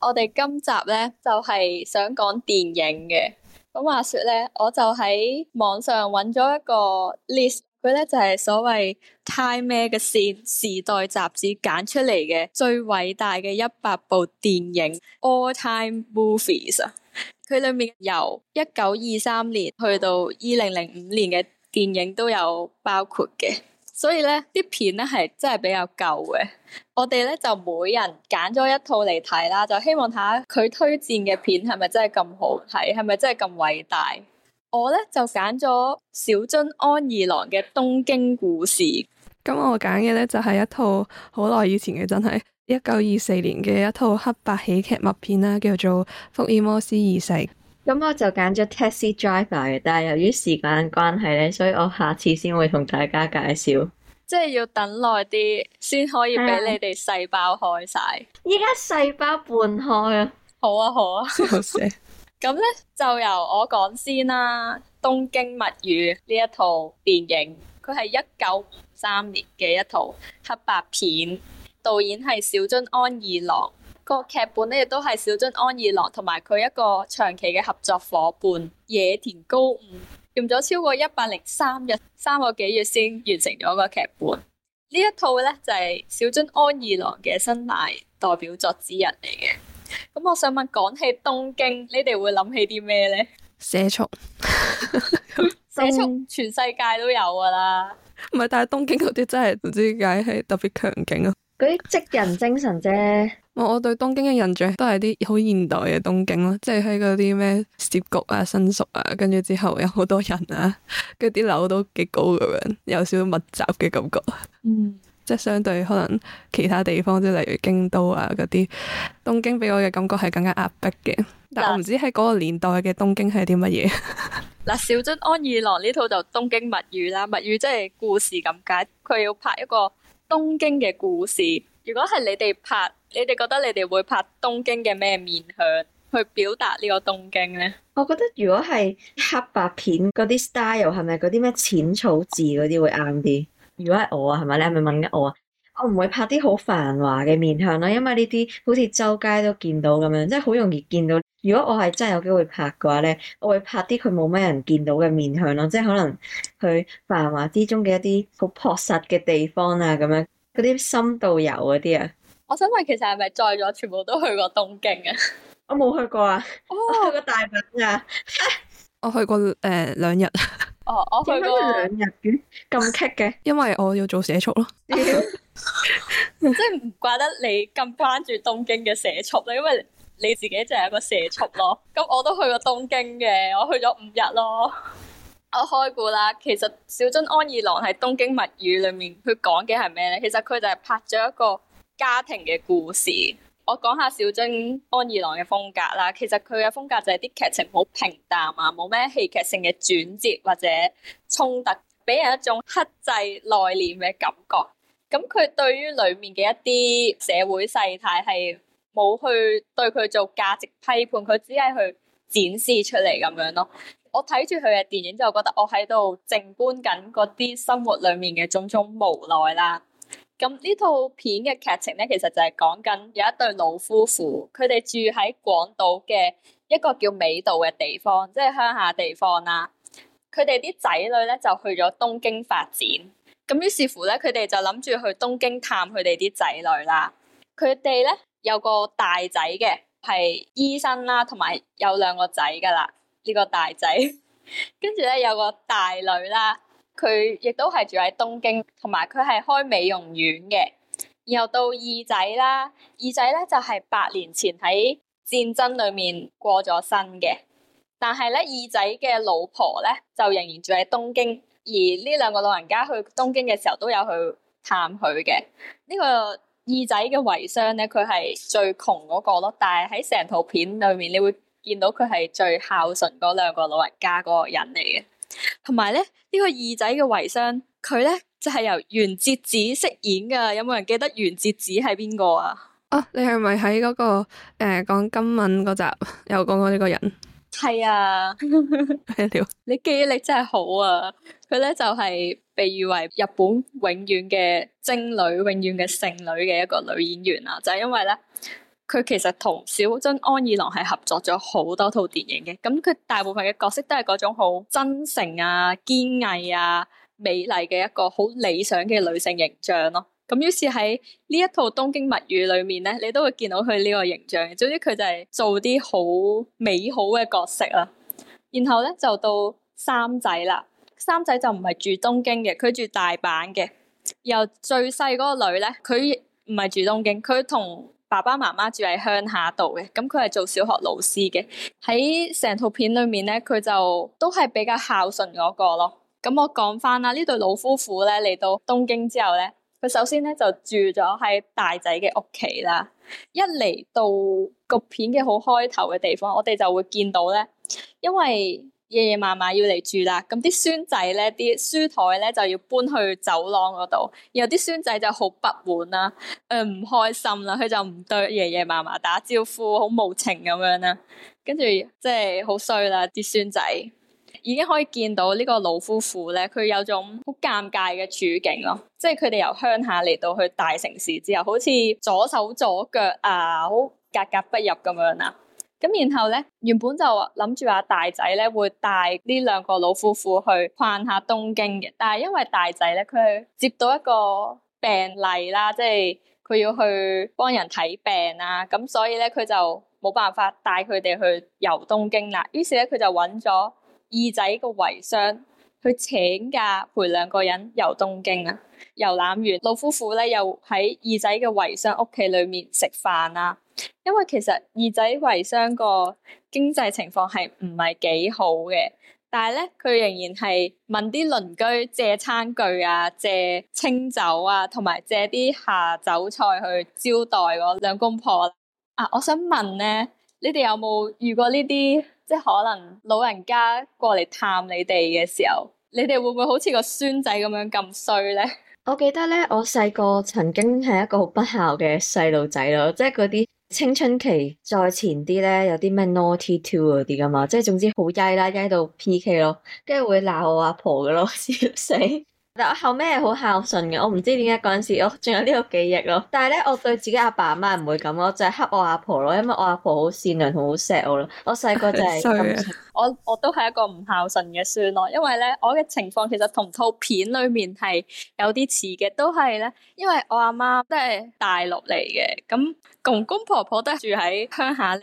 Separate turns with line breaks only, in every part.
我哋今集咧就係想講電影嘅。咁話說咧，我就喺網上揾咗一個 list，佢咧就係所謂 Time Magazine 時代雜誌揀出嚟嘅最偉大嘅一百部電影 All Time Movies 啊。佢裏面由一九二三年去到二零零五年嘅電影都有包括嘅。所以咧，啲片咧係真係比較舊嘅。我哋咧就每人揀咗一套嚟睇啦，就希望睇下佢推薦嘅片係咪真係咁好睇，係咪真係咁偉大。我咧就揀咗小津安二郎嘅《東京故事》。
咁我揀嘅咧就係一套好耐以前嘅，真係一九二四年嘅一套黑白喜劇默片啦，叫
做《福爾摩斯二世》。咁、嗯、我就揀咗 Taxi Driver 嘅，但係由於時間關係咧，所以我下次先會同大家介紹，
即係要等耐啲，先可以俾你哋細胞開晒。依家細胞半開啊！好啊，好啊。咁咧 就由我講先啦，《東京物語》呢一套電影，佢係一九五三年嘅一套黑白片，導演係小津安二郎，個劇本咧亦都係小津安二郎同埋佢一個長期嘅合作伙伴野田高梧，用咗超過一百零三日，三個幾月先完成咗個劇本。呢一套咧就係、是、小津安二郎嘅新大代表作之一嚟嘅。咁我想問，講起東京，你哋會諗起啲咩咧？
社畜， 社畜，全世界都有噶啦。唔係，但係東京嗰啲真係唔知點解係特別強勁啊！嗰啲職人精神啫。我我對東京嘅印象都係啲好現代嘅東京咯，即係喺嗰啲咩涉谷啊、新宿啊，跟住之後有好多人啊，跟住啲樓都幾高咁樣，有少少密集嘅感覺。嗯，即係相對可能其他地方，即係例如京都啊嗰啲東京，俾我嘅感覺係更加壓迫嘅。但我唔知喺嗰個年代嘅東京係啲乜嘢。
嗱啦， 小津安二郎呢套就東京物語啦，物語即係故事咁解，佢要拍一個。東京嘅故事，如果係你哋拍，你哋覺得你哋會拍東京嘅咩面向去表達呢個東京呢？
我覺得如果係黑白片，嗰啲 style 係咪嗰啲咩淺草寺嗰啲會啱啲？如果係我啊，係咪？你係咪問緊我啊？我唔會拍啲好繁華嘅面向咯、啊，因為呢啲好似周街都見到咁樣，即係好容易見到。如果我係真係有機會拍嘅話咧，我會拍啲佢冇咩人見到嘅面向咯、啊，即係可能佢繁華之中嘅一啲好樸實嘅地方啊咁樣，嗰啲深度遊嗰啲啊。
我想問，其實係咪在座全部都去過東京啊？ 我
冇去過啊。Oh, 我去過大阪啊。 我去過誒、呃、兩日。哦 ，oh, 我去過兩
日嘅，咁棘嘅。因為我要做社畜咯。
即係唔怪得你咁關注東京嘅社畜咧，因為你自己就係一個社畜咯。咁 我都去過東京嘅，我去咗五日咯。我開估啦，其實小津安二郎喺東京物語裏面佢講嘅係咩咧？其實佢就係拍咗一個家庭嘅故事。我講下小津安二郎嘅風格啦。其實佢嘅風格就係啲劇情好平淡啊，冇咩戲劇性嘅轉折或者衝突，俾人一種克制內斂嘅感覺。咁佢對於裏面嘅一啲社會世態係冇去對佢做價值批判，佢只係去展示出嚟，咁樣咯。我睇住佢嘅電影就，覺得我喺度靜觀緊嗰啲生活裏面嘅種種無奈啦。咁呢套片嘅劇情咧，其實就係講緊有一對老夫婦，佢哋住喺廣島嘅一個叫美道嘅地方，即係鄉下地方啦。佢哋啲仔女咧就去咗東京發展。咁於是乎咧，佢哋就諗住去東京探佢哋啲仔女啦。佢哋咧有個大仔嘅係醫生啦，同埋有兩個仔噶啦，呢個大仔。跟住咧有個大女啦，佢亦都係住喺東京，同埋佢係開美容院嘅。然後到二仔啦，二仔咧就係八年前喺戰爭裏面過咗身嘅，但係咧二仔嘅老婆咧就仍然住喺東京。而呢兩個老人家去東京嘅時候都有去探佢嘅。呢個二仔嘅遺孀咧，佢係最窮嗰、那個咯，但係喺成套片裏面，你會見到佢係最孝順嗰兩個老人家嗰、這個人嚟嘅。同埋咧，呢個二仔嘅遺孀，佢咧就係、是、由原節子飾演噶。有冇人記得原節子係邊個啊？
啊，你係咪喺嗰個誒、呃、講金敏嗰集有講過呢個人？係是啊，
你記憶力真係好啊！佢咧就係、是、被譽為日本永遠嘅貞女，永遠嘅聖女嘅一個女演員啊。就係、是、因為咧，佢其實同小津安二郎係合作咗好多套電影嘅，咁佢大部分嘅角色都係嗰種好真誠啊、堅毅啊、美麗嘅一個好理想嘅女性形象咯。咁於是喺呢一套東京物語裏面咧，你都會見到佢呢個形象。總之佢就係做啲好美好嘅角色啦。然後咧就到三仔啦，三仔就唔係住東京嘅，佢住大阪嘅。由最細嗰個女咧，佢唔係住東京，佢同爸爸媽媽住喺鄉下度嘅。咁佢係做小學老師嘅。喺成套片裏面咧，佢就都係比較孝順嗰個咯。咁我講翻啦，呢對老夫婦咧，嚟到東京之後咧。首先咧就住咗喺大仔嘅屋企啦，一嚟到個片嘅好開頭嘅地方，我哋就會見到咧，因為爺爺嫲嫲要嚟住啦，咁啲孫仔咧啲書台咧就要搬去走廊嗰度，然後啲孫仔就好不滿啦，啊，誒、呃、唔開心啦，啊，佢就唔對爺爺嫲嫲打招呼，好無情咁，啊、樣啦，跟住即係好衰啦啲孫仔。已經可以見到呢個老夫婦咧，佢有種好尷尬嘅處境咯。即係佢哋由鄉下嚟到去大城市之後，好似左手左腳啊，好格格不入咁樣啦。咁然後咧，原本就諗住話大仔咧會帶呢兩個老夫婦去逛下東京嘅，但係因為大仔咧佢接到一個病例啦，即係佢要去幫人睇病啊，咁所以咧佢就冇辦法帶佢哋去遊東京啦。於是咧佢就揾咗。二仔嘅遺孀去請假陪兩個人遊東京啊，遊覽完，老夫婦咧又喺二仔嘅遺孀屋企裏面食飯啊。因為其實二仔遺孀個經濟情況係唔係幾好嘅，但係咧佢仍然係問啲鄰居借餐具啊、借清酒啊，同埋借啲下酒菜去招待嗰兩公婆啊。我想問咧，你哋有冇遇過呢啲？即係可能老人家過嚟探你哋嘅時候，你哋會唔會好似個孫仔咁樣咁衰咧？
我記得咧，我細個曾經係一個好不孝嘅細路仔咯，即係嗰啲青春期再前啲咧，有啲咩 naughty two 嗰啲噶嘛，即係總之好曳啦，曳到 PK 咯，跟住會鬧我阿婆噶咯，知知笑死！但我後尾係好孝順嘅，我唔知點解嗰陣時我仲有呢個記憶咯。但係咧，我對自己阿爸阿媽唔會咁咯，我就係黑我阿婆咯，因為我阿婆好善良，好錫我咯。我細個就係咁、啊，
我我都係一個唔孝順嘅孫咯。因為咧，我嘅情況其實同套片裏面係有啲似嘅，都係咧，因為我阿媽都係大陸嚟嘅，咁公公婆婆都係住喺鄉下。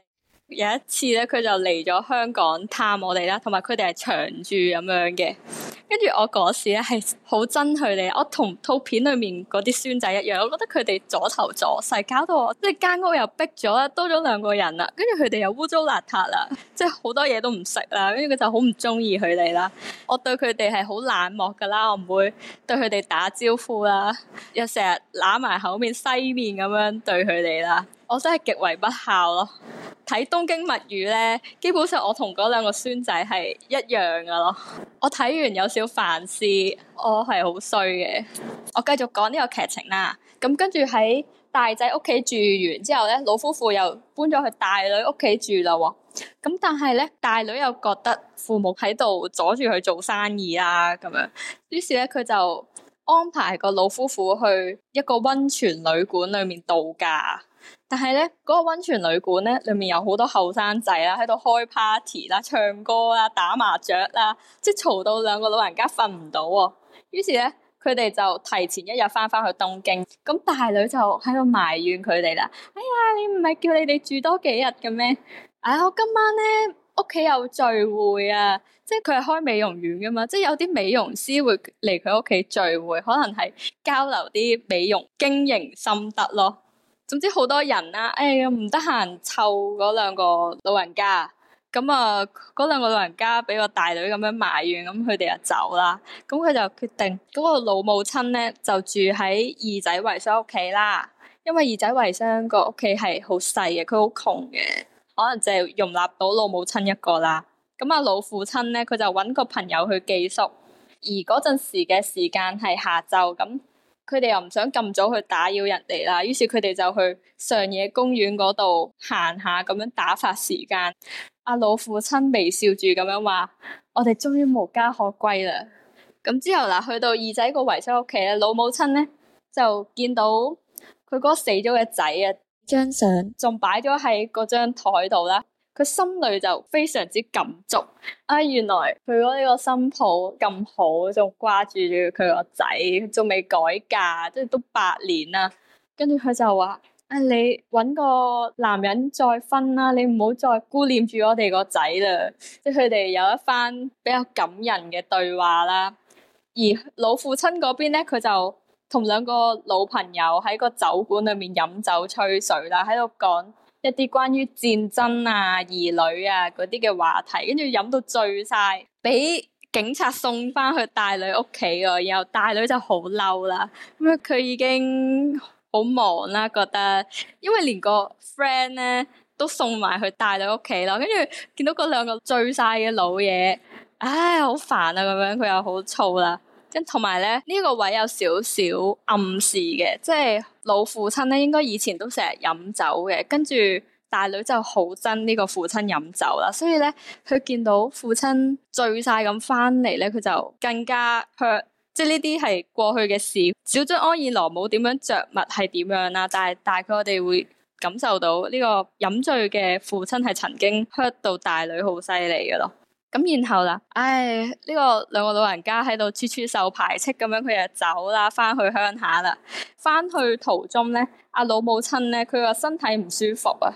有一次咧，佢就嚟咗香港探我哋啦，同埋佢哋係長住咁樣嘅。跟住我嗰時咧係好憎佢哋，我同套片裡面嗰啲孫仔一樣，我覺得佢哋阻頭阻勢，搞到我即係間屋又逼咗，多咗兩個人啦。跟住佢哋又污糟邋遢啦，即係好多嘢都唔識啦。跟住佢就好唔中意佢哋啦。我對佢哋係好冷漠噶啦，我唔會對佢哋打招呼啦，又成日揦埋口面西面咁樣對佢哋啦。我真係極為不孝咯。喺東京物語咧，基本上我同嗰兩個孫仔係一樣噶咯。 我睇完有少少反思，我係好衰嘅。我繼續講呢個劇情啦。咁跟住喺大仔屋企住完之後咧，老夫婦又搬咗去大女屋企住啦。咁但係咧，大女又覺得父母喺度阻住佢做生意啦，咁樣。於是咧，佢就安排個老夫婦去一個溫泉旅館裏面度假。但係咧，嗰個温泉旅館咧，裏面有好多後生仔啦，喺度開 party 啦、唱歌啦、打麻雀啦，即係嘈到兩個老人家瞓唔到喎。於是咧，佢哋就提前一日翻翻去東京。咁大女就喺度埋怨佢哋啦：哎呀，你唔係叫你哋住多幾日嘅咩？哎呀，我今晚咧屋企有聚會啊，即係佢係開美容院噶嘛，即係有啲美容師會嚟佢屋企聚會，可能係交流啲美容經營心得咯。總之好多人啦，哎，呀，唔得閒湊嗰兩個老人家，咁啊，嗰兩個老人家俾個大女咁樣埋怨，咁佢哋就走啦。咁佢就決定，嗰個老母親咧就住喺二仔遺孀屋企啦。因為二仔遺孀個屋企係好細嘅，佢好窮嘅，可能就容納到老母親一個啦。咁啊，老父親咧，佢就搵個朋友去寄宿。而嗰陣時嘅時間係下晝咁。佢哋又唔想咁早去打擾人哋啦，於是佢哋就去上野公園嗰度行下，咁樣打發時間。阿老父親微笑住咁樣話：「我哋終於無家可歸啦。」咁之後嗱，去到二仔個遺孀屋企咧，老母親咧就見到佢嗰死咗嘅仔啊，張相仲擺咗喺嗰張台度啦。佢心裏就非常之感觸啊、哎！原來佢嗰呢個新抱咁好，仲掛住住佢個仔，仲未改嫁，即係都八年啦。跟住佢就話：誒、哎，你搵個男人再婚啦，你唔好再顧念住我哋個仔啦。即係佢哋有一番比較感人嘅對話啦。而老父親嗰邊咧，佢就同兩個老朋友喺個酒館裏面飲酒吹水啦，喺度講。一啲關於戰爭啊、兒女啊嗰啲嘅話題，跟住飲到醉晒，俾警察送翻去大女屋企咯。然後大女就好嬲啦，咁啊佢已經好忙啦，覺得因為連個 friend 咧都送埋去大女屋企咯。跟住見到嗰兩個醉晒嘅老嘢，唉，好煩啊！咁樣佢又好燥啦。跟同埋咧，呢個位有少少暗示嘅，即係老父親咧，應該以前都成日飲酒嘅。跟住大女就好憎呢個父親飲酒啦，所以咧，佢見到父親醉晒咁返嚟咧，佢就更加 hurt。即係呢啲係過去嘅事，小津安二郎冇點樣着物係點樣啦？但係大概我哋會感受到呢個飲醉嘅父親係曾經 hurt 到大女好犀利嘅咯。咁然後啦，唉，呢個兩個老人家喺度處處受排斥，咁樣佢就走啦，翻去鄉下啦。翻去途中咧，阿老母親咧，佢個身體唔舒服啊。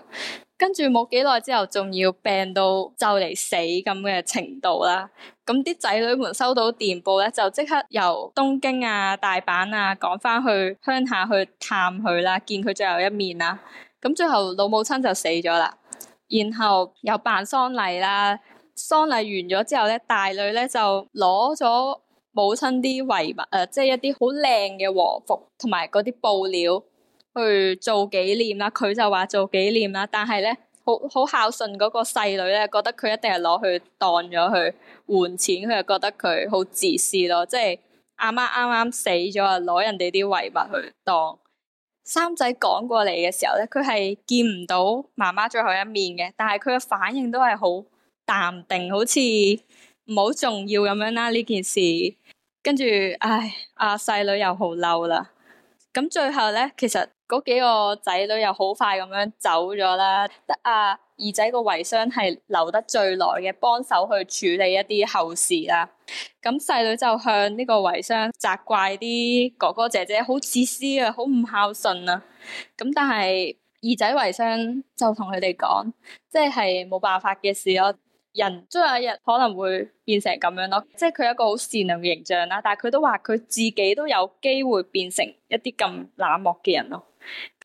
跟住冇幾耐之後，仲要病到就嚟死咁嘅程度啦。咁啲仔女們收到電報咧，就即刻由東京啊、大阪啊，趕翻去鄉下去探佢啦，見佢最後一面啦。咁最後老母親就死咗啦，然後又辦喪禮啦。喪禮完咗之後咧，大女咧就攞咗母親啲遺物，誒，即係一啲好靚嘅和服同埋嗰啲布料去做紀念啦。佢就話做紀念啦，但係咧好好孝順嗰個細女咧，覺得佢一定係攞去當咗去換錢。佢就覺得佢好自私咯，即係阿媽啱啱死咗啊，攞人哋啲遺物去當。三仔趕過嚟嘅時候咧，佢係見唔到媽媽最後一面嘅，但係佢嘅反應都係好淡定，好似唔好重要咁樣啦呢件事。跟住，唉，阿細女又好嬲啦。咁最後呢，其實嗰幾個仔女又好快咁樣走咗啦。得、啊、阿二仔個遺孀係留得最耐嘅，幫手去處理一啲後事啦。咁細女就向呢個遺孀責怪啲哥哥姐姐好自私啊，好唔孝順啊。咁、嗯、但係二仔遺孀就同佢哋講，即係冇辦法嘅事咯。人將有一日可能會變成咁樣咯，即係佢一個好善良嘅形象啦。但係佢都話佢自己都有機會變成一啲咁冷漠嘅人咯。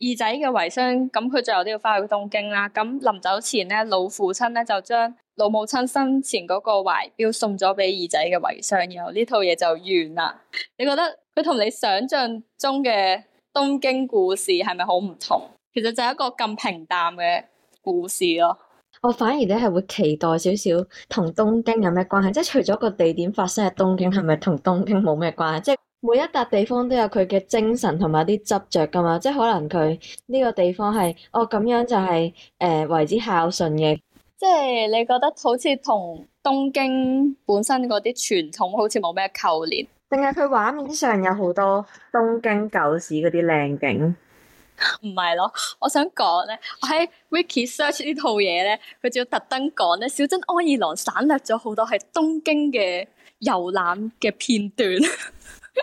二仔嘅遺孀，咁佢最後都要翻去東京啦。咁臨走前咧，老父親咧就將老母親生前嗰個懷表送咗俾二仔嘅遺孀，然後呢套嘢就完啦。你覺得佢同你想象中嘅東京故事係咪好唔同？其實就係一個咁平淡嘅故事咯。
我反而咧係會期待少少同東京有咩關係，即係除咗個地點發生喺東京，係咪同東京冇咩關係？即係每一笪地方都有佢嘅精神同埋啲執着噶嘛，即係可能佢呢個地方係哦咁樣就係、是、誒、呃、為之孝順嘅。
即係你覺得好似同東京本身嗰啲傳統好似冇咩
扣連，定係佢畫面上有好多東京舊市嗰啲靚景？
唔係咯，我想講咧，我喺 Wiki Search 呢套嘢咧，佢仲要特登講咧，小津安二郎省略咗好多係東京嘅遊覽嘅
片段，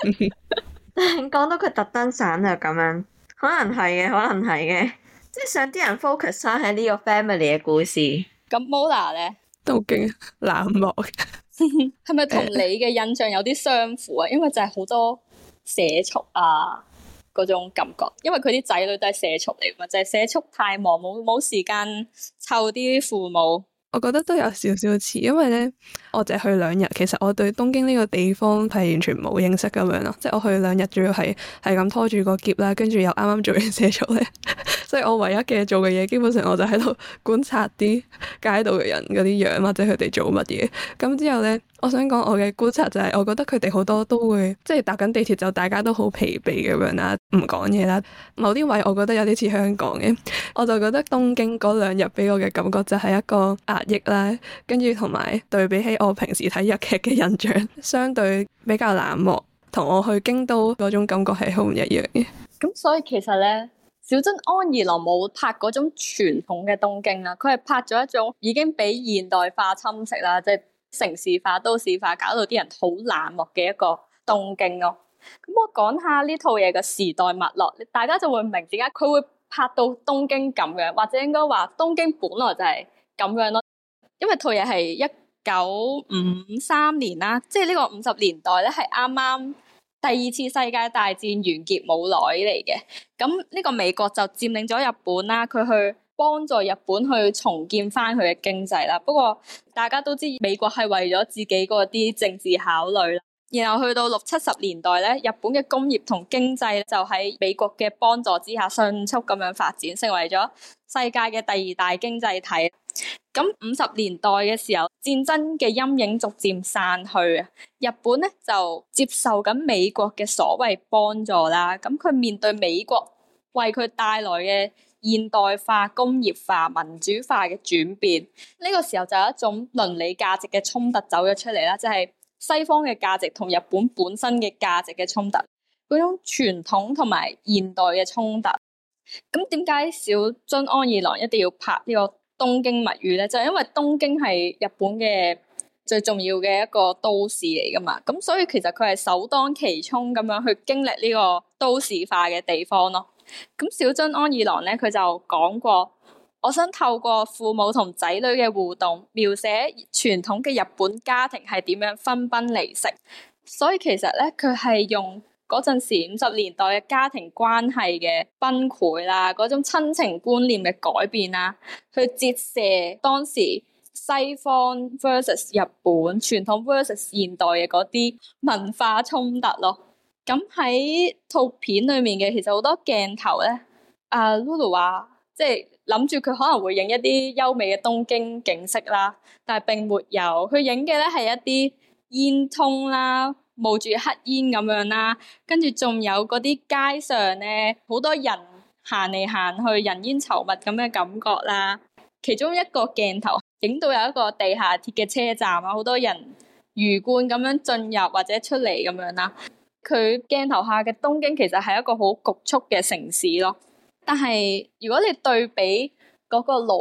嗯。講 到佢特登省略咁樣，可能係嘅，可能係嘅，即係想啲人 focus 翻喺呢個 family 嘅故事。咁 Mola 咧，都好勁冷漠，
係咪同你嘅印象有啲相符啊？呃、因為就係好多社畜啊。嗰種感覺，因為佢啲仔女都係社畜嚟嘛，就係社畜太忙，冇冇時間湊啲父母。
我覺得都有少少似，因為呢，我淨係去兩日，其實我對東京呢個地方係完全冇認識咁樣咯。即係我去兩日，仲要係係咁拖住個喼啦，跟住又啱啱做完社畜呢。 即係我唯一嘅做嘅嘢，基本上我就喺度觀察啲街道嘅人嗰啲樣，或者佢哋做乜嘢。咁之後呢，我想講我嘅觀察就係，我覺得佢哋好多都會，即係搭緊地鐵就大家都好疲憊咁樣啦，唔講嘢啦。某啲位我覺得有啲似香港嘅，我就覺得東京嗰兩日俾我嘅感覺就係一個壓抑啦，跟住同埋對比起我平時睇日劇嘅印象，相對比較冷漠，同我去京都嗰種感覺係好唔一樣
嘅。咁所以其實呢。小津安二郎冇拍嗰種傳統嘅東京啦，佢係拍咗一種已經俾現代化侵蝕啦，即係城市化、都市化，搞到啲人好冷漠嘅一個東京咯。咁我講下呢套嘢嘅時代脈絡，大家就會明點解佢會拍到東京咁樣，或者應該話東京本來就係咁樣咯。因為套嘢係一九五三年啦，即係呢個五十年代咧，係啱啱。第二次世界大戰完結冇耐嚟嘅，咁呢個美國就佔領咗日本啦，佢去幫助日本去重建翻佢嘅經濟啦。不過大家都知美國係為咗自己嗰啲政治考慮，然後去到六七十年代咧，日本嘅工業同經濟就喺美國嘅幫助之下迅速咁樣發展，成為咗世界嘅第二大經濟體。咁五十年代嘅時候，戰爭嘅陰影逐漸散去，日本咧就接受緊美國嘅所謂幫助啦。咁佢面對美國為佢帶來嘅現代化、工業化、民主化嘅轉變，呢個時候就有一種倫理價值嘅衝突走咗出嚟啦，即係西方嘅價值同日本本身嘅價值嘅衝突，嗰種傳統同埋現代嘅衝突。咁點解小津安二郎一定要拍呢個？東京物語咧，就係、因為東京係日本嘅最重要嘅一個都市嚟噶嘛，咁所以其實佢係首當其衝咁樣去經歷呢個都市化嘅地方咯。咁小津安二郎咧，佢就講過，我想透過父母同仔女嘅互動，描寫傳統嘅日本家庭係點樣分崩離析。所以其實咧，佢係用。嗰陣時五十年代嘅家庭關係嘅崩潰啦，嗰種親情觀念嘅改變啦，去折射當時西方 versus 日本、傳統 versus 現代嘅嗰啲文化衝突咯。咁喺套片裏面嘅其實好多鏡頭咧，阿、uh, Lulu 話即係諗住佢可能會影一啲優美嘅東京景色啦，但係並沒有，佢影嘅咧係一啲煙囪啦。Tone, 冒住黑煙咁樣啦，跟住仲有嗰啲街上呢，好多人行嚟行去，人煙稠密咁嘅感覺啦。其中一個鏡頭影到有一個地下鐵嘅車站啊，好多人魚貫咁樣進入或者出嚟咁樣啦。佢鏡頭下嘅東京其實係一個好局促嘅城市咯。但係如果你對比嗰個老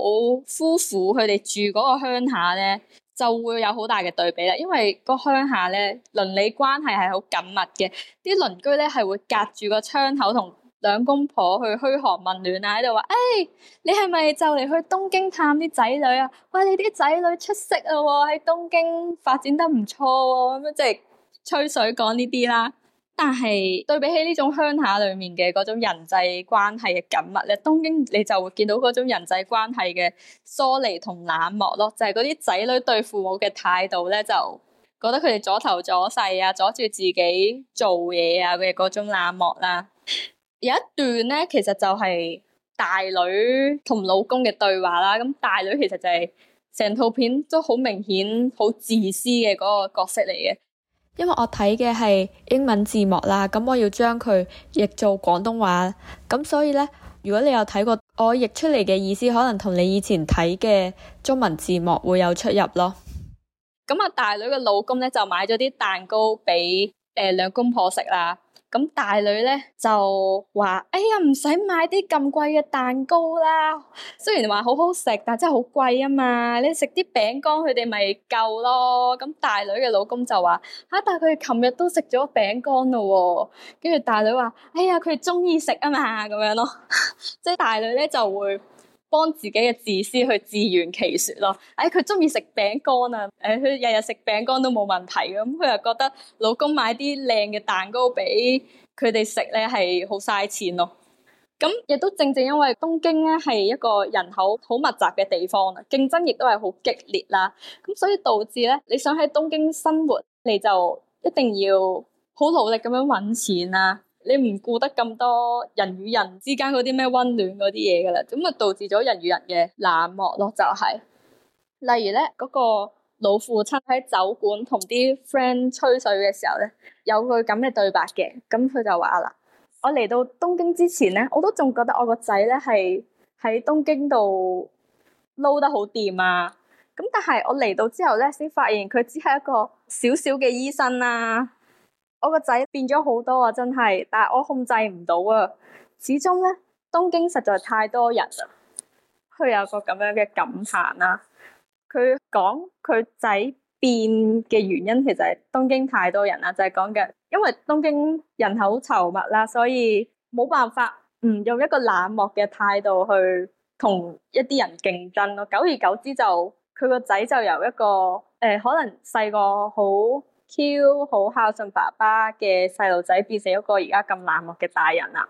夫婦佢哋住嗰個鄉下呢，就會有好大嘅對比啦，因為個鄉下咧鄰里關係係好緊密嘅，啲鄰居咧係會隔住個窗口同兩公婆去噓寒問暖啊，喺度話：「誒、哎，你係咪就嚟去東京探啲仔女啊？喂，你啲仔女出色啊、哦，喺東京發展得唔錯喎，咁樣即係吹水講呢啲啦。但係對比起呢種鄉下裡面嘅嗰種人際關係嘅緊密咧，東京你就會見到嗰種人際關係嘅疏離同冷漠咯。就係嗰啲仔女對父母嘅態度咧，就覺得佢哋阻頭阻勢啊，阻住自己做嘢啊嘅嗰種冷漠啦。有一段咧，其實就係大女同老公嘅對話啦。咁大女其實就係成套片都好明顯、好自私嘅嗰個角色嚟嘅。因為我睇嘅係英文字幕啦，咁我要將佢譯做廣東話，咁所以呢，如果你有睇過，我譯出嚟嘅意思可能同你以前睇嘅中文字幕會有出入咯。咁啊，大女嘅老公呢，就買咗啲蛋糕俾誒、呃、兩公婆食啦。咁大女咧就話：，哎呀，唔使買啲咁貴嘅蛋糕啦，雖然話好好食，但真係好貴啊嘛。你食啲餅乾佢哋咪夠咯。咁大女嘅老公就話：，吓，但佢哋琴日都食咗餅乾咯。跟住大女話：，哎呀，佢哋中意食啊嘛，咁樣咯。即 係大女咧就會。幫自己嘅自私去自圓其說咯。誒、哎，佢中意食餅乾啊，誒、哎，佢日日食餅乾都冇問題嘅。咁佢又覺得老公買啲靚嘅蛋糕俾佢哋食咧，係好嘥錢咯。咁亦都正正因為東京咧係一個人口好密集嘅地方啊，競爭亦都係好激烈啦。咁所以導致咧，你想喺東京生活，你就一定要好努力咁樣搵錢啊。你唔顧得咁多人與人之間嗰啲咩溫暖嗰啲嘢噶啦，咁啊導致咗人與人嘅冷漠咯、就係，就係例如咧嗰、嗰個老父親喺酒館同啲 friend 吹水嘅時候咧，有句咁嘅對白嘅，咁佢就話啦：我嚟到東京之前咧，我都仲覺得我個仔咧係喺東京度撈得好掂啊，咁但係我嚟到之後咧，先發現佢只係一個小小嘅醫生啦、啊。我個仔變咗好多啊，真係，但係我控制唔到啊。始終咧，東京實在太多人啦，佢有個咁樣嘅感嘆啦。佢講佢仔變嘅原因，其實係東京太多人啦，就係講嘅，因為東京人口稠密啦，所以冇辦法，唔用一個冷漠嘅態度去同一啲人競爭咯。久而久之就，就佢個仔就由一個誒、呃，可能細個好。超好孝順爸爸嘅細路仔，變成一個而家咁冷漠嘅大人啦。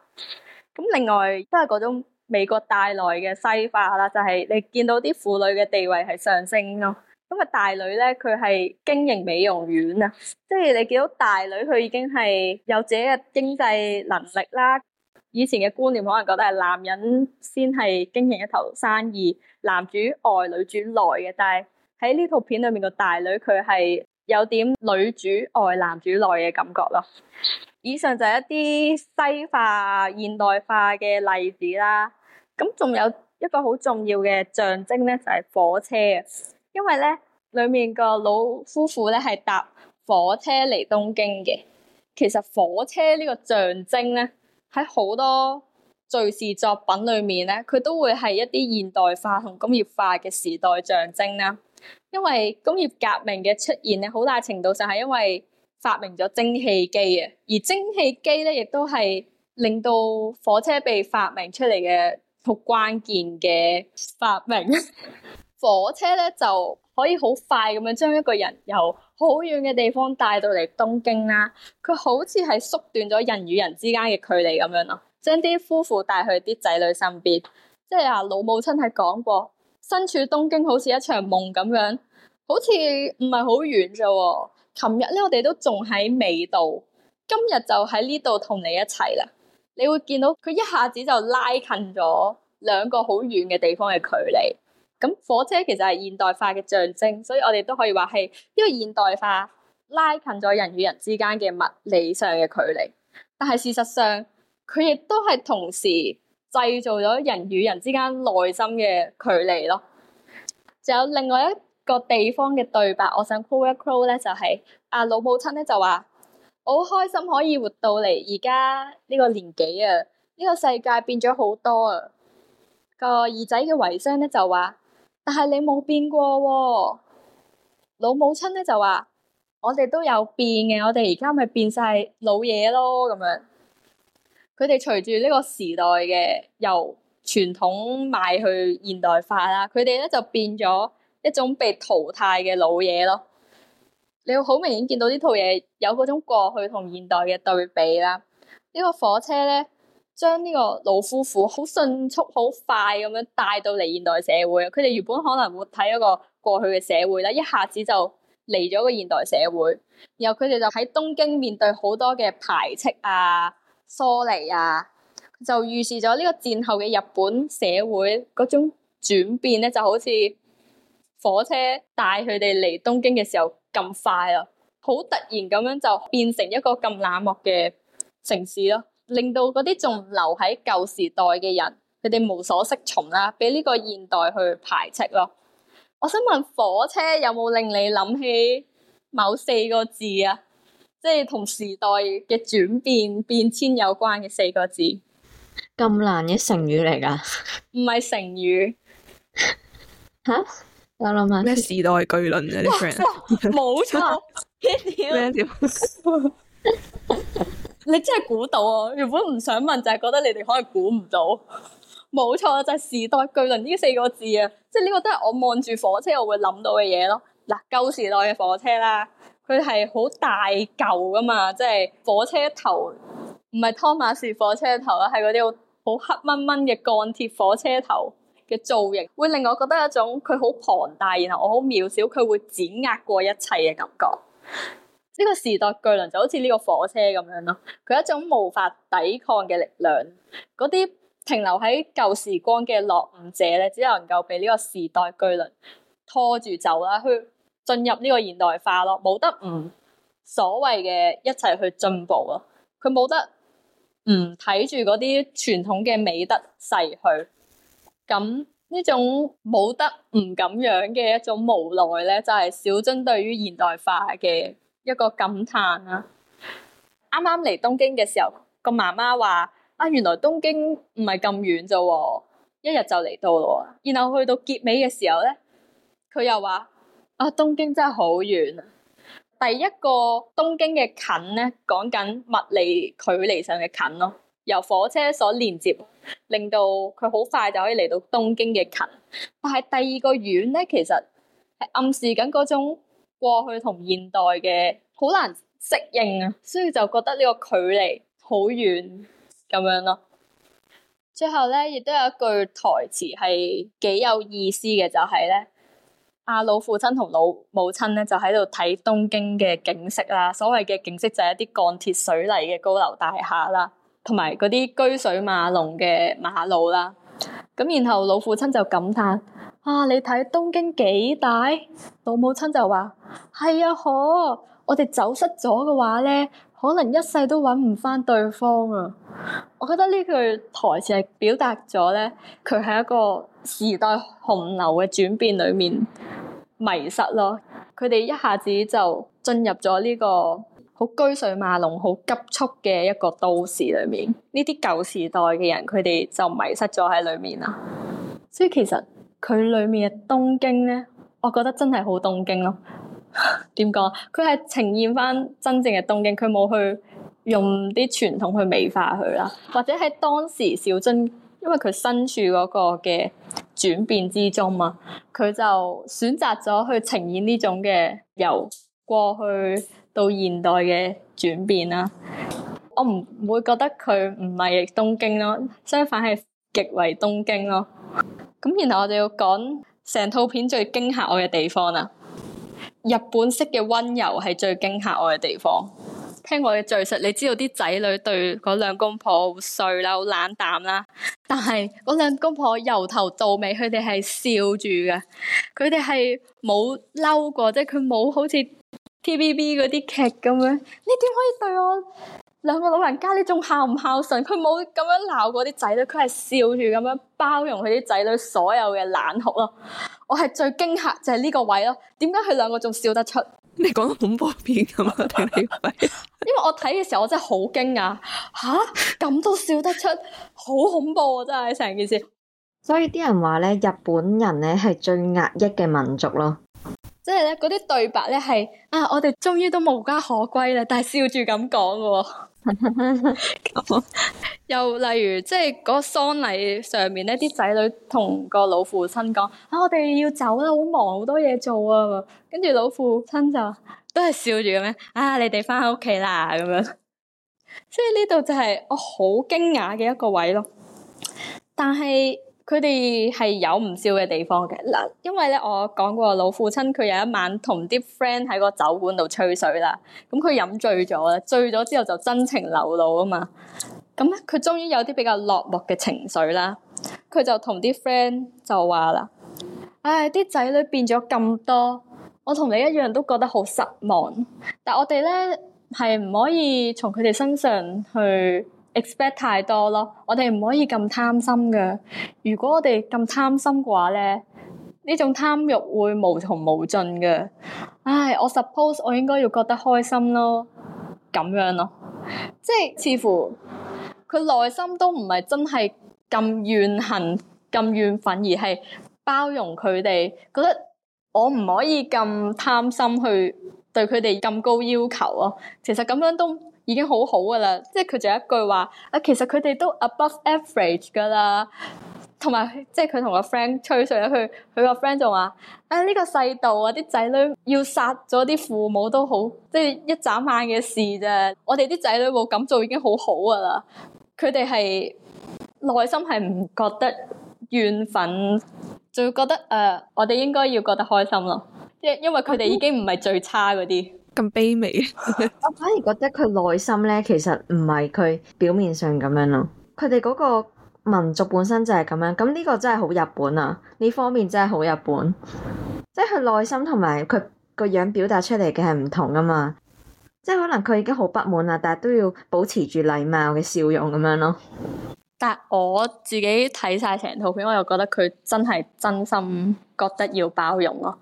咁另外都係嗰種美國帶來嘅西化啦，就係你見到啲婦女嘅地位係上升咯。咁啊，大女咧，佢係經營美容院啊，即係你見到大女佢已經係有自己嘅經濟能力啦。以前嘅觀念可能覺得係男人先係經營一頭生意，男主外女主內嘅，但係喺呢套片裏面個大女佢係。有點女主外男主內嘅感覺咯。以上就係一啲西化、現代化嘅例子啦。咁仲有一個好重要嘅象徵咧，就係火車啊。因為咧，裏面個老夫婦咧係搭火車嚟東京嘅。其實火車呢個象徵咧，喺好多敘事作品裏面咧，佢都會係一啲現代化同工業化嘅時代象徵啦。因為工業革命嘅出現咧，好大程度上係因為發明咗蒸汽機啊，而蒸汽機咧亦都係令到火車被發明出嚟嘅，好關鍵嘅發明。 火車咧就可以好快咁樣，將一個人由好遠嘅地方帶到嚟東京啦。佢好似係縮短咗人與人之間嘅距離咁樣咯，將啲夫婦帶去啲仔女身邊，即係啊老母親係講過，身處東京好似一場夢咁樣，好似唔係好遠咋喎？琴日咧我哋都仲喺尾道，今日就喺呢度同你一齊啦。你會見到佢一下子就拉近咗兩個好遠嘅地方嘅距離。咁火車其實係現代化嘅象徵，所以我哋都可以話係因為現代化拉近咗人與人之間嘅物理上嘅距離。但係事實上，佢亦都係同時，製造咗人與人之間內心嘅距離咯。仲有另外一個地方嘅對白，我想 call 一 call 咧就係、是、阿老母親咧就話：我好開心可以活到嚟，而家呢個年紀啊，呢、這個世界變咗好多啊。個二仔嘅遺孀咧就話：但係你冇變過。老母親咧就話：我哋都有變嘅，我哋而家咪變晒老嘢咯，咁樣。佢哋隨住呢個時代嘅由傳統賣去現代化啦，佢哋咧就變咗一種被淘汰嘅老嘢咯。你好明顯見到呢套嘢有嗰種過去同現代嘅對比啦。呢個火車咧，將呢個老夫婦好迅速、好快咁樣帶到嚟現代社會。佢哋原本可能會睇一個過去嘅社會啦，一下子就嚟咗個現代社會。然後佢哋就喺東京面對好多嘅排斥啊。疏離啊，就預示咗呢個戰後嘅日本社會嗰種轉變咧，就好似火車帶佢哋嚟東京嘅時候咁快啊，好突然咁樣就變成一個咁冷漠嘅城市咯，令到嗰啲仲留喺舊時代嘅人，佢哋無所適從啦，俾呢個現代去排斥咯。我想問，火車有冇令你諗起某四個字啊？即係同時代嘅轉變變遷有關嘅四個字，
咁難嘅成語嚟噶？
唔係成語，吓、 啊？有諗
下咩時
代巨輪啊啲 friend，
冇錯，咩點？你真係估到啊！原本唔想問，就係覺得你哋可能估唔到。冇 錯就係時代巨輪呢四個字啊！即係呢個都係我望住火車我會諗到嘅嘢咯。嗱，舊時代嘅火車啦。佢係好大舊噶嘛，即係火車頭，唔係湯馬士火車頭啦，係嗰啲好黑掹掹嘅鋼鐵火車頭嘅造型，會令我覺得一種佢好龐大，然後我好渺小，佢會碾壓過一切嘅感覺。呢、這個時代巨輪就好似呢個火車咁樣咯，佢一種無法抵抗嘅力量。嗰啲停留喺舊時光嘅落伍者咧，只能夠被呢個時代巨輪拖住走啦，去。進入呢個現代化咯，冇得唔所謂嘅一齊去進步咯，佢冇得唔睇住嗰啲傳統嘅美德逝去。咁呢種冇得唔咁樣嘅一種無奈咧，就係小津對於現代化嘅一個感嘆啦。啱啱嚟東京嘅時候，個媽媽話：啊，原來東京唔係咁遠啫，喎，一日就嚟到咯。然後去到結尾嘅時候咧，佢又話。啊，東京真係好遠啊！第一個東京嘅近咧，講緊物理距離上嘅近咯，由火車所連接，令到佢好快就可以嚟到東京嘅近。但係第二個遠咧，其實係暗示緊嗰種過去同現代嘅好難適應啊，所以就覺得呢個距離好遠咁樣咯。最後咧，亦都有一句台詞係幾有意思嘅，就係咧。阿老父親同老母親呢，就喺度睇東京嘅景色啦，所謂嘅景色就係一啲鋼鐵水泥嘅高樓大廈啦，同埋嗰啲車水馬龍嘅馬路啦。咁然後老父親就感嘆：啊，你睇東京幾大？老母親就、啊、話：係啊，可我哋走失咗嘅話呢。」可能一世都揾唔翻對方啊！我覺得呢句台詞係表達咗呢，佢喺一個時代洪流嘅轉變裏面迷失咯。佢哋一下子就進入咗呢個好車水馬龍、好急速嘅一個都市裏面。呢啲舊時代嘅人，佢哋就迷失咗喺裏面啦。所以其實佢裏面嘅東京呢，我覺得真係好東京咯、啊。點講？佢係呈現翻真正嘅東京，佢冇去用啲傳統去美化佢啦，或者喺當時小津，因為佢身處嗰個嘅轉變之中嘛，佢就選擇咗去呈現呢種嘅由過去到現代嘅轉變啦。我唔會覺得佢唔係東京咯，相反係極為東京咯。咁然後我就要講成套片最驚嚇我嘅地方啦。日本式嘅溫柔係最驚嚇我嘅地方。聽我嘅敍述，你知道啲仔女對嗰兩公婆好碎啦，好冷淡啦。但係嗰兩公婆由頭到尾，佢哋係笑住嘅。佢哋係冇嬲過，即係佢冇好似 TVB 嗰啲劇咁樣。你點可以對我兩個老人家，你仲孝唔孝順？佢冇咁樣鬧過啲仔女，佢係笑住咁樣包容佢啲仔女所有嘅冷酷咯。我係最驚嚇就係、是、呢個位咯。點解佢兩個仲笑得出？
你講到恐怖片咁啊？停你個位。
因為我睇嘅時候我真係好驚訝，吓、啊、咁都笑得出， 好恐怖啊！真係成件事。
所以啲人話咧，日本人咧係最壓抑嘅民族咯。
即係咧，嗰啲對白咧係啊，我哋終於都無家可歸啦，但係笑住咁講嘅。 又例如，即係嗰個喪禮上面咧，啲仔女同個老父親講：啊，我哋要走啦，好忙，好多嘢做啊。跟住老父親就都係笑住咁樣，啊，你哋翻屋企啦，咁樣。 即係呢度就係我好驚訝嘅一個位咯，但係。佢哋係有唔少嘅地方嘅嗱，因為咧我講過老父親，佢有一晚同啲 friend 喺個酒館度吹水啦，咁佢飲醉咗啦，醉咗之後就真情流露啊嘛，咁咧佢終於有啲比較落寞嘅情緒啦，佢就同啲 friend 就話啦：唉，啲仔女變咗咁多，我同你一樣都覺得好失望，但我哋咧係唔可以從佢哋身上去 expect 太多咯，我哋唔可以咁貪心㗎。如果我哋咁貪心嘅話咧，呢種貪慾會無窮無盡㗎。唉，我 suppose 我應該要覺得開心咯，咁樣咯，即係似乎佢內心都唔係真係咁怨恨，咁怨憤，而係包容佢哋，覺得我唔可以咁貪心去對佢哋咁高要求咯。其實咁樣都。已經好好噶啦，即係佢就一句話啊，其實佢哋都 above average 噶啦，同埋即係佢同個 friend 吹水啦，佢佢個 friend 就話啊呢、這個世道啊，啲仔女要殺咗啲父母都好，即係一眨眼嘅事啫，我哋啲仔女冇咁做已經好好噶啦，佢哋係內心係唔覺得怨憤，就會覺得誒、呃，我哋應該要覺得開心咯。即係因為佢哋已經唔係最差嗰啲，咁卑微。
我反而覺得佢內心咧，其實唔係佢表面上咁樣咯。佢哋嗰個民族本身就係咁樣，咁呢個真係好日本啊！呢方面真係好日本，即係佢內心同埋佢個樣表達出嚟嘅係唔同啊嘛！即係可能佢已經好不滿啦，但係都要保持住禮貌嘅笑容咁樣咯。
但我自己睇晒成套片，我又覺得佢真係真心覺得要包容咯。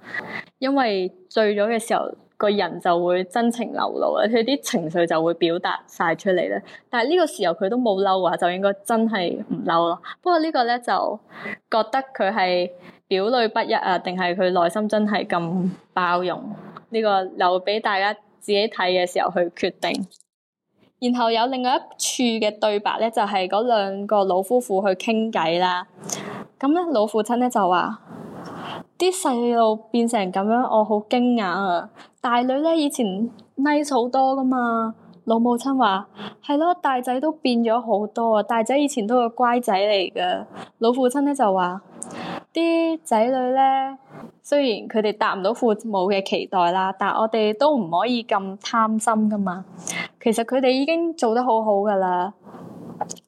因為醉咗嘅時候，個人就會真情流露啊，佢啲情緒就會表達晒出嚟咧。但係呢個時候佢都冇嬲啊，就應該真係唔嬲咯。不過呢個咧就覺得佢係表裏不一啊，定係佢內心真係咁包容？呢個留俾大家自己睇嘅時候去決定。然後有另外一處嘅對白咧，就係、是、嗰兩個老夫婦去傾偈啦。咁咧，老父親咧就話：啲細路變成咁樣，我好驚訝啊！大女咧以前 nice 好多噶嘛。老母親話：係咯， 大仔都變咗好多啊！大仔以前都係個乖仔嚟噶。老父親咧就話：啲仔 女咧，雖然佢哋達唔到父母嘅期待啦，但我哋都唔可以咁貪心噶嘛。其實佢哋已經做得好好㗎啦，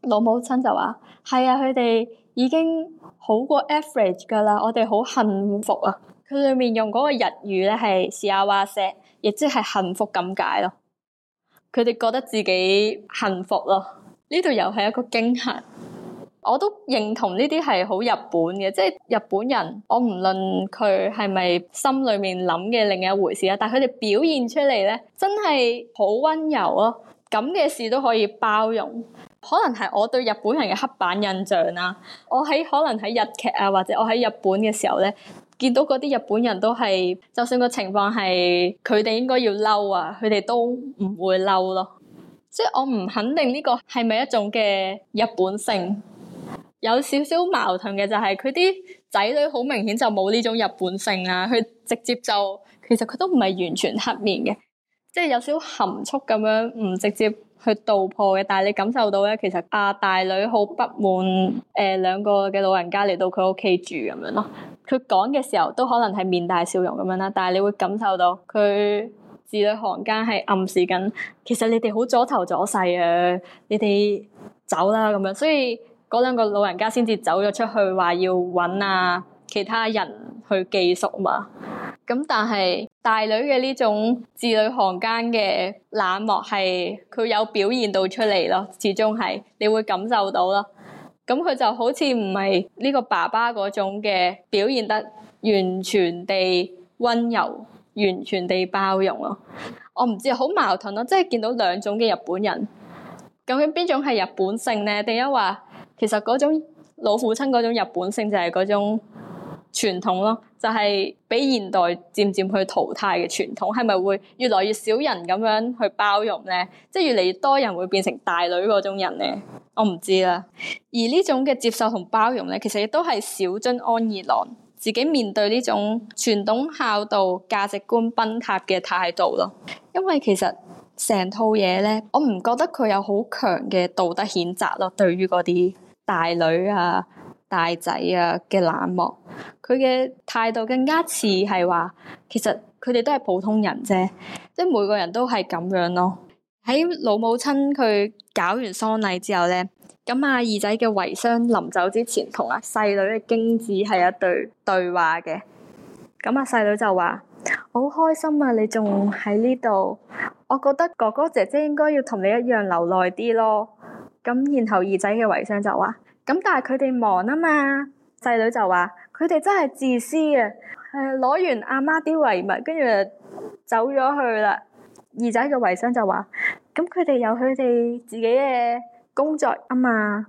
老母親就話：係啊，佢哋已經好過 average 㗎啦，我哋好幸福啊！佢裡面用嗰個日語咧係 shiawase，亦即係幸福咁解咯。佢哋覺得自己幸福咯。呢度又係一個驚嚇。我都認同呢啲係好日本嘅，即係日本人。我唔論佢係咪心裏面諗嘅另一回事啊，但係佢哋表現出嚟呢，真係好温柔咯。咁嘅事都可以包容，可能係我對日本人嘅黑板印象啦。我喺可能喺日劇啊，或者我喺日本嘅時候呢，見到嗰啲日本人都係，就算個情況係佢哋應該要嬲啊，佢哋都唔會嬲咯。即係我唔肯定呢個係咪一種嘅日本性。有少少矛盾嘅就係佢啲仔女好明顯就冇呢種日本性啦，佢直接就其實佢都唔係完全黑面嘅，即係有少少含蓄咁樣唔直接去道破嘅。但係你感受到咧，其實阿大女好不滿誒兩個嘅老人家嚟到佢屋企住咁樣咯。佢講嘅時候都可能係面帶笑容咁樣啦，但係你會感受到佢字裏行間係暗示緊，其實你哋好左頭左勢啊，你哋走啦咁樣，所以。嗰兩個老人家先至走咗出去，話要揾啊其他人去寄宿嘛。咁但係大女嘅呢種字裏行間嘅冷漠係佢有表現到出嚟咯，始終係你會感受到咯。咁佢就好似唔係呢個爸爸嗰種嘅表現得完全地溫柔，完全地包容咯。我唔知好矛盾咯，即係見到兩種嘅日本人，究竟邊種係日本性呢？定係話？其實嗰種老父親嗰種日本性就係嗰種傳統咯，就係畀現代漸漸去淘汰嘅傳統，係咪會越來越少人咁樣去包容呢？即係越嚟越多人會變成大女嗰種人呢？我唔知啦。而呢種嘅接受同包容呢，其實亦都係小津安二郎自己面對呢種傳統孝道價值觀崩塌嘅態度咯。因為其實成套嘢呢，我唔覺得佢有好強嘅道德譴責咯，對於嗰啲。大女啊、大仔啊嘅冷漠，佢嘅態度更加似係話，其實佢哋都係普通人啫，即係每個人都係咁樣咯。喺老母親佢搞完喪禮之後咧，咁阿二仔嘅遺孀臨走之前同阿細女嘅京子係一對對話嘅。咁阿細女就話：好開心啊！你仲喺呢度，我覺得哥哥姐姐應該要同你一樣留耐啲咯。咁，然後二仔嘅遺孀就話：，咁但係佢哋忙啊嘛，細女就話：佢哋真係自私啊，誒攞完阿媽啲遺物，跟住走咗去啦。二仔嘅遺孀就話：，咁佢哋有佢哋自己嘅工作啊嘛。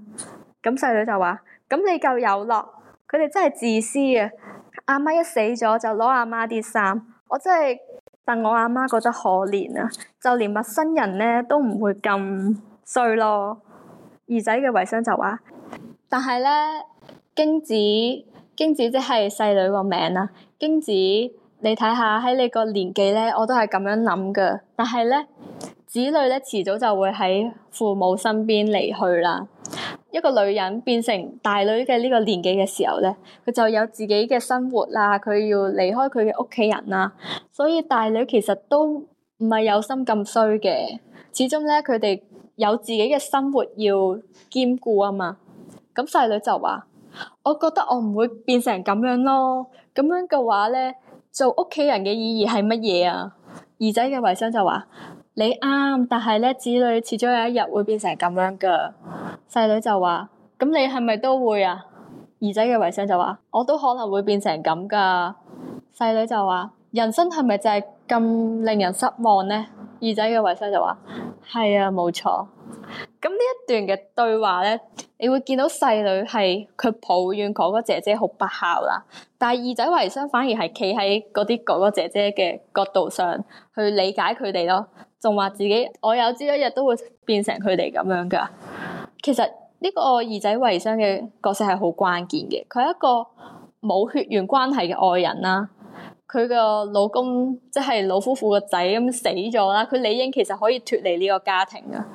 咁細女就話：，咁你夠有咯，佢哋真係自私啊。阿媽一死咗就攞阿媽啲衫，我真係戥我阿媽覺得可憐啊，就連陌生人咧都唔會咁衰咯。二仔嘅遺孀就話：，但係呢，京子，京子即係細女個名啊。京子，你睇下喺你個年紀呢，我都係咁樣諗㗎。但係呢，子女呢，遲早就會喺父母身邊離去啦。一個女人變成大女嘅呢個年紀嘅時候呢，佢就有自己嘅生活啦，佢要離開佢嘅屋企人啦。所以大女其實都唔係有心咁衰嘅，始終呢，佢哋有自己嘅生活要兼顧啊嘛，咁細女就話：，我覺得我唔會變成咁樣咯。咁樣嘅話咧，做屋企人嘅意義係乜嘢啊？二仔嘅遺孀就話：，你啱，但係咧，子女始終有一日會變成咁樣噶。細女就話：，咁你係咪都會啊？二仔嘅遺孀就話：，我都可能會變成咁噶。細女就話：，人生係咪就係？咁令人失望呢。二仔嘅遺孀就話：係啊，冇錯。咁呢一段嘅對話呢，你會見到細女係佢抱怨哥哥姐姐好不孝啦，但係二仔遺孀反而係企喺嗰啲哥哥姐姐嘅角度上去理解佢哋咯，仲話自己我有朝一日都會變成佢哋咁樣㗎。其實呢個二仔遺孀嘅角色係好關鍵嘅，佢係一個冇血緣關係嘅愛人啦。佢個老公即係老夫婦個仔咁死咗啦，佢理應其實可以脫離呢個家庭噶，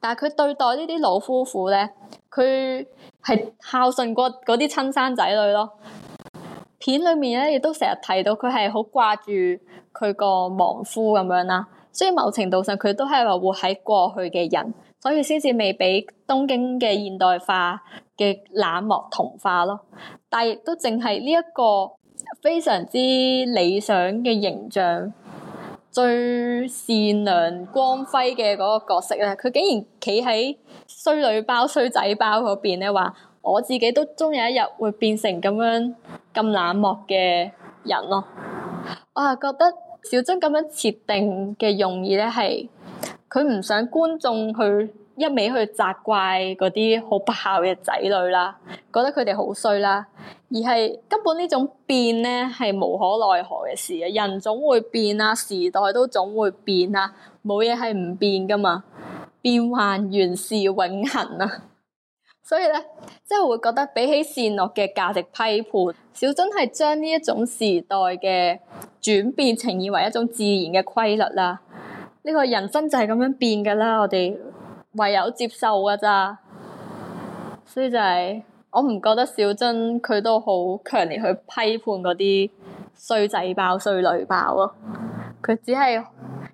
但係佢對待呢啲老夫婦咧，佢係孝順過嗰啲親生仔女咯。片裏面咧亦都成日提到佢係好掛住佢個亡夫咁樣啦，所以某程度上佢都係話活喺過去嘅人，所以先至未俾東京嘅現代化嘅冷漠同化咯。但係亦都淨係呢一個。非常之理想嘅形象，最善良光輝嘅嗰個角色咧，佢竟然企喺衰女包衰仔包嗰邊咧，話我自己都終有一日會變成咁樣咁冷漠嘅人咯。我係覺得小津咁樣設定嘅用意咧，係佢唔想觀眾去。一味去責怪嗰啲好不孝嘅仔女啦，覺得佢哋好衰啦，而係根本呢種變咧係無可奈何嘅事啊。人總會變啊，時代都總會變啊，冇嘢係唔變噶嘛。變幻原是永恒啊， 所以咧即係會覺得比起善惡嘅價值批判，小津係將呢一種時代嘅轉變，呈現為一種自然嘅規律啦。呢、這個人生就係咁樣變噶啦，我哋。唯有接受嘅咋，衰仔，所以就是，我唔覺得小津佢都好強烈去批判嗰啲衰仔爆、衰女爆咯，佢只係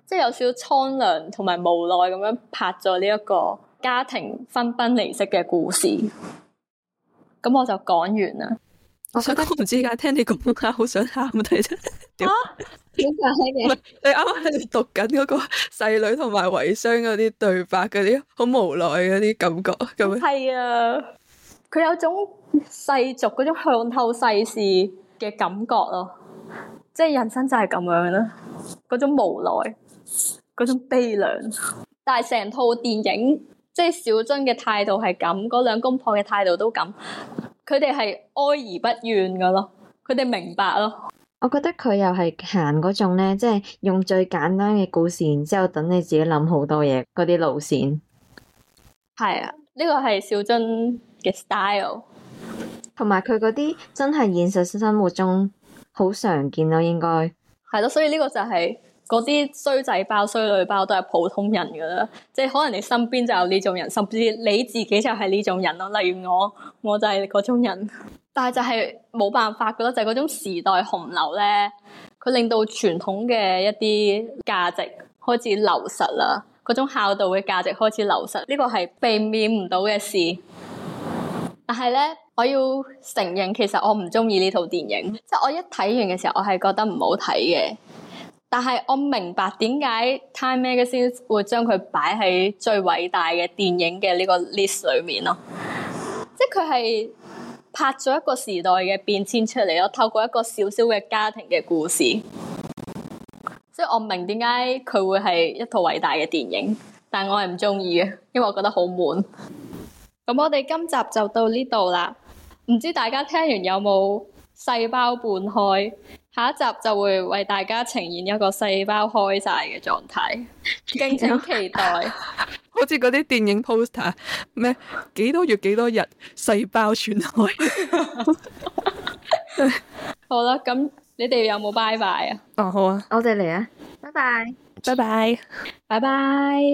即係有少少蒼涼同埋無奈咁樣拍咗呢一個家庭分崩離析嘅故事，咁我
就講完啦。我想我唔知點解，聽你講下好想喊啊！點解你啱啱喺度讀緊嗰個細女同埋遺孀嗰啲對白嗰啲，好無奈嗰啲感覺咁？係啊，
佢有種世俗嗰種看透世事嘅感覺咯，即係人生就係咁樣啦，嗰種無奈，嗰種悲涼。但係成套電影。即係小津嘅態度係咁，嗰兩公婆嘅態度都咁，佢哋係哀而不怨噶咯，佢哋明白咯。
我覺得佢又係行嗰種咧，即係用最簡單嘅故事，然之後等你自己諗好多嘢嗰啲路線。
係啊，呢個係小津嘅 style。
同埋佢嗰啲真係現實生活中好常見咯，應該
係咯，所以呢個就係。嗰啲衰仔包、衰女包都係普通人噶啦，即係可能你身邊就有呢種人，甚至你自己就係呢種人咯。例如我，我就係嗰種人，但係就係冇辦法噶啦，就係嗰種時代洪流咧，佢令到傳統嘅一啲價值開始流失啦，嗰種孝道嘅價值開始流失，呢個係避免唔到嘅事。但係咧，我要承認，其實我唔中意呢套電影，即係我一睇完嘅時候，我係覺得唔好睇嘅。但係我明白點解 Time Magazine 會將佢擺喺最偉大嘅電影嘅呢個 list 裏面咯，即係佢係拍咗一個時代嘅變遷出嚟咯，透過一個小小嘅家庭嘅故事，所以我明點解佢會係一套偉大嘅電影，但係我係唔中意嘅，因為我覺得好悶。咁我哋今集就到呢度啦，唔知大家聽完有冇細胞半開？下一集就會為大家呈現一個細胞開晒嘅狀態，敬請期待。
好似嗰啲電影 poster 咩？幾多月幾多日，細胞全開。
好啦，咁你哋有冇拜拜啊？
哦，好啊，我哋嚟啊！拜拜，
拜拜，拜拜。